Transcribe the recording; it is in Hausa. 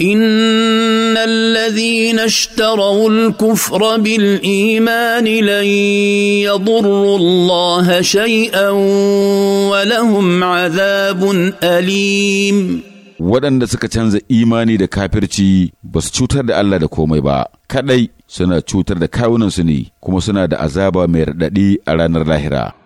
ان الذين اشتروا الكفر بالايمان لن يضروا الله شيئا ولهم عذاب اليم waɗanda suka canza imani da kafirci ba su cutar da Allah da komai ba kaɗai suna cutar da kawunansu ne kuma suna da azaba mai raɗaɗi a ranar lahira